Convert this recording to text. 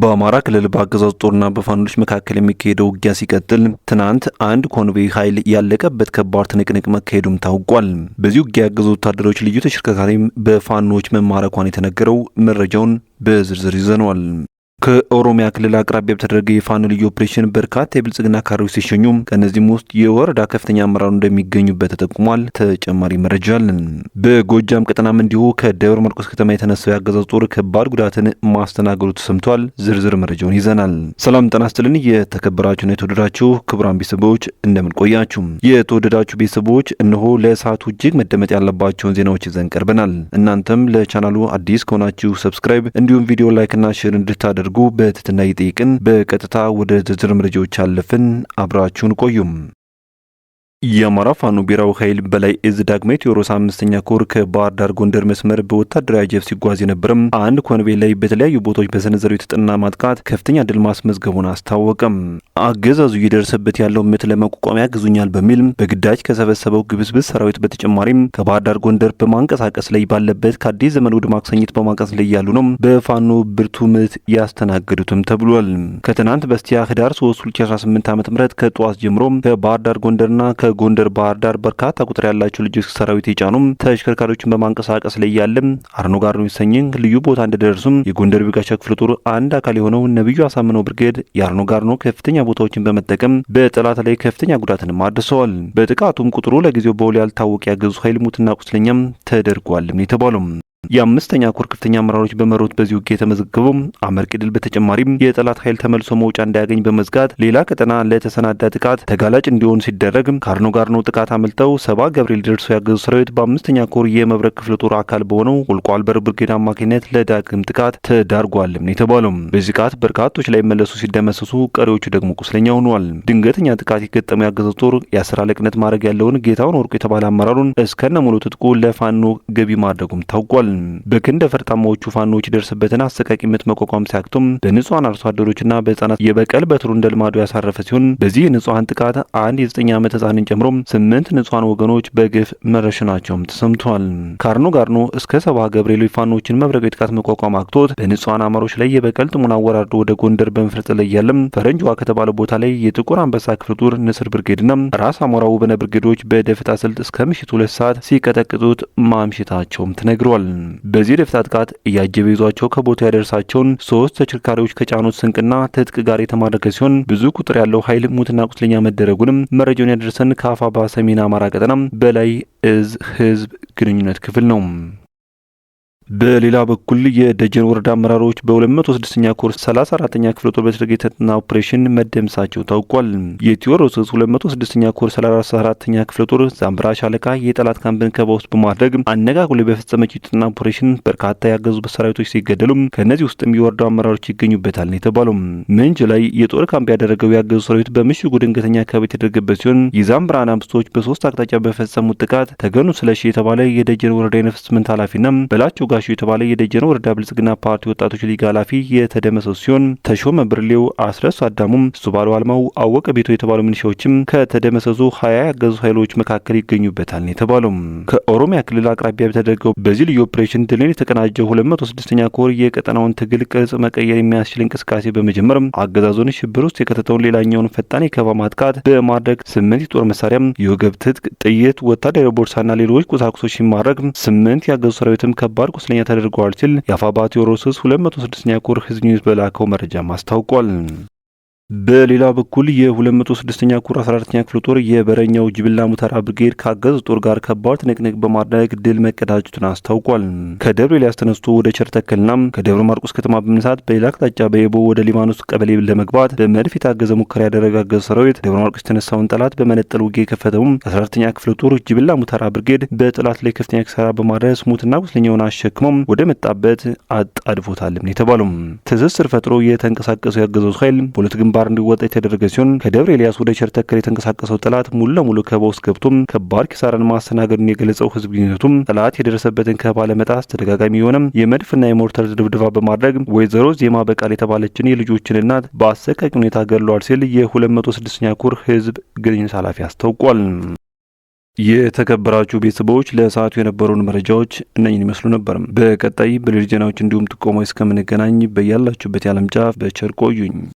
በአማራ ክልል በአገዛዙ ጦርና በፋኖች መካከል የሚካሄደው ውጊያ ሲቀጥል ትናንት አንድ ኮንቮይ ኃይል ያለቀበት ከባድ ትንቅንቅ መካሄዱም ታውቋል። በዚህ ውጊያ ያገዙ ወታደሮች ልዩ ተሽከርካሪም በፋኖች መማረኳን የተነገረው መረጃውን በዝርዝር ይዘነዋል። ከኦሮሚያ ክልል አቅራቢያ በተደረገ የፋኖ ልዩ ኦፕሬሽን በርካታ የብልጽግና ካሪዎች ሲሸኙ ከእነዚህም ውስጥ የወረዳ ከፍተኛ አመራሩ እንደሚገኙበት ተጠቁሟል። ተጨማሪ መረጃ አለን። በጎጃም ቀጠናም እንዲሁ ከደብረ ማርቆስ ከተማ የተነሳው የአገዛዝ ጦር ከባድ ጉዳትን ማስተናገዱ ተሰምቷል። ዝርዝር መረጃውን ይዘናል። ሰላም ጤና ይስጥልን። የተከበራችሁና የተወደዳችሁ ክቡራን ቤተሰቦች እንደምንቆያችሁ። የተወደዳችሁ ቤተሰቦች እነሆ ለሰዓቱ እጅግ መደመጥ ያለባቸውን ዜናዎች ይዘን ቀርበናል። እናንተም ለቻናሉ አዲስ ከሆናችሁ ሰብስክራይብ እንዲሁም ቪዲዮ ላይክና ሼር እንድታደርጉ እንድታደርጉ በትህትና እየጠየቅን በቀጥታ ወደ ዝርዝር መረጃዎች አለፍን። አብራችሁን ቆዩም። የአማራ ፋኖ ብሔራዊ ኃይል በላይ እዝ ዳግማዊ ቴዎድሮስ አምስተኛ ኮር ከባህር ዳር ጎንደር መስመር በወታደራዊ አጀብ ሲጓዝ የነበረም አንድ ኮንቬይ ላይ በተለያዩ ቦታዎች በሰነዘሩ የተጠና ማጥቃት ከፍተኛ ድል ማስመዝገቡን አስታወቀም። አገዛዙ እየደረሰበት ያለው ምት ለመቋቋም ያግዙኛል በሚል በግዳጅ ከሰበሰበው ግብስብስ ሰራዊት በተጨማሪም ከባህር ዳር ጎንደር በማንቀሳቀስ ላይ ባለበት ከአዲስ ዘመን ወደ ማክሰኝት በማንቀሳቀስ ላይ ያሉ ነው በፋኖ ብርቱ ምት ያስተናገዱትም ተብሏል። ከትናንት በስቲያ ህዳር 3 2018 ዓ ም ከጠዋት ጀምሮ ከባህር ዳር ጎንደርና ጎንደር፣ ባህር ዳር በርካታ ቁጥር ያላቸው ልጆች ሰራዊት የጫኑ ተሽከርካሪዎችን በማንቀሳቀስ ላይ ያለም አርኖ ጋር ነው የሚሰኝን ልዩ ቦታ እንደደረሱም የጎንደር ቢጋቻ ክፍለ ጦር አንድ አካል የሆነው ነብዩ አሳምነው ብርጌድ የአርኖ ጋር ነው ከፍተኛ ቦታዎችን በመጠቀም በጠላት ላይ ከፍተኛ ጉዳትንም አድርሰዋል። በጥቃቱም ቁጥሩ ለጊዜው በውል ያልታወቀ ያገዙ ኃይል ሙትና ቁስለኛም ተደርጓልም የተባለው የአምስተኛ ኮር ከፍተኛ አመራሮች በመሩት በዚህ ውጊያ የተመዘገበው አመርቂ ድል በተጨማሪም የጠላት ኃይል ተመልሶ መውጫ እንዳያገኝ በመዝጋት ሌላ ቀጠና ለተሰናዳ ጥቃት ተጋላጭ እንዲሆን ሲደረግ ካርኖ ጋር ነው ጥቃት አመልጠው ሰባ ገብርኤል ደርሰው ያገዙ ሰራዊት በአምስተኛ ኮር የመብረቅ ክፍለ ጦር አካል በሆነው ቁልቋል በር ብርጌድ አማካኝነት ለዳግም ጥቃት ተዳርጓልም የተባለው። በዚህ ጥቃት በርካቶች ላይ መለሱ ሲደመሰሱ፣ ቀሪዎቹ ደግሞ ቁስለኛ ሆኗል። ድንገተኛ ጥቃት የገጠመው ያገዘ ጦር የአስር አለቅነት ማድረግ ያለውን ጌታውን ወርቁ የተባለ አመራሩን እስከነ ሙሉ ትጥቁ ለፋኖ ገቢ ማድረጉም ታውቋል። በክንደ ፈርጣማዎቹ ፋኖች የደረሰበትን አሰቃቂ ምት መቋቋም ሲያክቱም በንጹሐን አርሶ አደሮችና በህጻናት የበቀል በትሩ እንደ ልማዱ ያሳረፈ ሲሆን በዚህ ንጹሐን ጥቃት አንድ የዘጠኝ ዓመት ህጻንን ጨምሮ ስምንት ንጹሐን ወገኖች በግፍ መረሸናቸውም ተሰምቷል። ካርኖ ጋርኖ እስከ ሰባ ገብርኤል ፋኖችን መብረቃዊ ጥቃት መቋቋም አክቶት በንጹሐን አማሮች ላይ የበቀል ጥሙን አወራርዶ ወደ ጎንደር በመፍረጥ ላይ ያለም ፈረንጅዋ ከተባለ ቦታ ላይ የጥቁር አንበሳ ክፍለ ጦር ንስር ብርጌድና ራስ አሞራ ውብነ ብርጌዶች በደፈጣ ስልት እስከ ምሽቱ ሁለት ሰዓት ሲቀጠቅጡት ማምሽታቸውም ተነግሯል። በዚህ ድፍታ ጥቃት እያጀበ ይዟቸው ከቦታ ያደርሳቸውን ሶስት ተሽከርካሪዎች ከጫኑት ስንቅና ትጥቅ ጋር የተማረከ ሲሆን ብዙ ቁጥር ያለው ኃይል ሙትና ቁስለኛ መደረጉንም መረጃውን ያደርሰን ከአፋባ ሰሜን አማራ ቀጠና በላይ እዝ ህዝብ ግንኙነት ክፍል ነው። በሌላ በኩል የደጀን ወረዳ አመራሮች በ206ኛ ኮርስ 34ኛ ክፍለ ጦር በተደረገ የተጠና ኦፕሬሽን መደምሳቸው ታውቋል። የቴዎድሮስ 206ኛ ኮርስ 34ኛ ክፍለ ጦር ዛምብራ ሻለቃ የጠላት ካምፕን ከበባ ውስጥ በማድረግ አነጋግሎ በፈጸመችው የተጠና ኦፕሬሽን በርካታ ያገዙ በሰራዊቶች ሲገደሉም ከእነዚህ ውስጥም የወረዳው አመራሮች ይገኙበታል ነው የተባለው። ምንጭ ላይ የጦር ካምፕ ያደረገው ያገዙ ሰራዊት በምሽጉ ድንገተኛ አካባቢ የተደረገበት ሲሆን የዛምብራ አምስቶች በሶስት አቅጣጫ በፈጸሙት ጥቃት ተገኑ ስለሺ የተባለ የደጀን ወረዳ የነፍስ ስምንት ኃላፊና በላቸው ነጋሽ የተባለ የደጀን ወረዳ ብልጽግና ፓርቲ ወጣቶች ሊግ ኃላፊ የተደመሰሱ ሲሆን ተሾመ ብርሌው፣ አስረሱ አዳሙም፣ ሱባሉ አልማው፣ አወቀ ቤቶ የተባሉ ሚኒሻዎችም ከተደመሰሱ ሀያ ያገዙ ኃይሎች መካከል ይገኙበታል ነው የተባለው። ከኦሮሚያ ክልል አቅራቢያ በተደረገው በዚህ ልዩ ኦፕሬሽን ድልን የተቀናጀው መቶ ስድስተኛ ኮር የቀጠናውን ትግል ቅርጽ መቀየር የሚያስችል እንቅስቃሴ በመጀመር አገዛዙን ሽብር ውስጥ የከተተውን ሌላኛውን ፈጣን የከባ ማጥቃት በማድረግ ስምንት የጦር መሳሪያም፣ የወገብ ትጥቅ፣ ጥይት፣ ወታደራዊ ቦርሳና ሌሎች ቁሳቁሶች ሲማድረግ ስምንት ያገዙ ሰራዊትም ከባድ ቁስ አስለኛ ተደርገዋል ሲል የአፋባ ቴዎድሮስ 206ኛ ኮር ህዝብ ኒውስ በላከው መረጃም አስታውቋል። በሌላ በኩል የ206ኛ ኩር 14ኛ ክፍል ጦር የበረኛው ጅብላ ሙተራ ብርጌድ ካገዝ ጦር ጋር ከባድ ትንቅንቅ በማድረግ ድል መቀዳጀቱን አስታውቋል። ከደብረ ኤልያስ ተነስቶ ወደ ቸርተከልና ከደብረ ማርቆስ ከተማ በመነሳት በሌላ አቅጣጫ በየቦ ወደ ሊባኖስ ቀበሌ ለመግባት በመድፍ የታገዘ ሙከራ ያደረገ አገዝ ሰራዊት ደብረ ማርቆስ የተነሳውን ጠላት በመነጠል ውጌ የከፈተውም 14ኛ ክፍል ጦር ጅብላ ሙተራ ብርጌድ በጠላት ላይ ከፍተኛ ክሰራ በማድረስ ሙትና ቁስለኛውን አሸክሞም ወደ መጣበት አጣድፎታልም የተባሉም ትስስር ፈጥሮ የተንቀሳቀሰው ያገዘው ኃይል በሁለት ግንባ ግንባር እንዲወጣ የተደረገ ሲሆን ከደብረ ኤልያስ ወደ ሸርተከር የተንቀሳቀሰው ጠላት ሙሉ ለሙሉ ከበባ ውስጥ ገብቶም ከባድ ኪሳራን ማስተናገዱን የገለጸው ህዝብ ግንኙነቱም ጠላት የደረሰበትን ከበባ ለመጣስ ተደጋጋሚ የሆነም የመድፍና የሞርተር ድብድባ በማድረግ ወይዘሮ ዜማ በቃል የተባለችን የልጆችን እናት በአሰቃቂ ሁኔታ ገድሏል ሲል የ206ኛ ህዝብ ግንኙነት ኃላፊ አስታውቋል። የተከበራችሁ ቤተሰቦች ለሰዓቱ የነበሩን መረጃዎች እነኝን ይመስሉ ነበርም። በቀጣይ በሌሎች ዜናዎች እንዲሁም ጥቆማዎች እስከምንገናኝ በያላችሁበት የዓለም ጫፍ በቸር ቆዩኝ።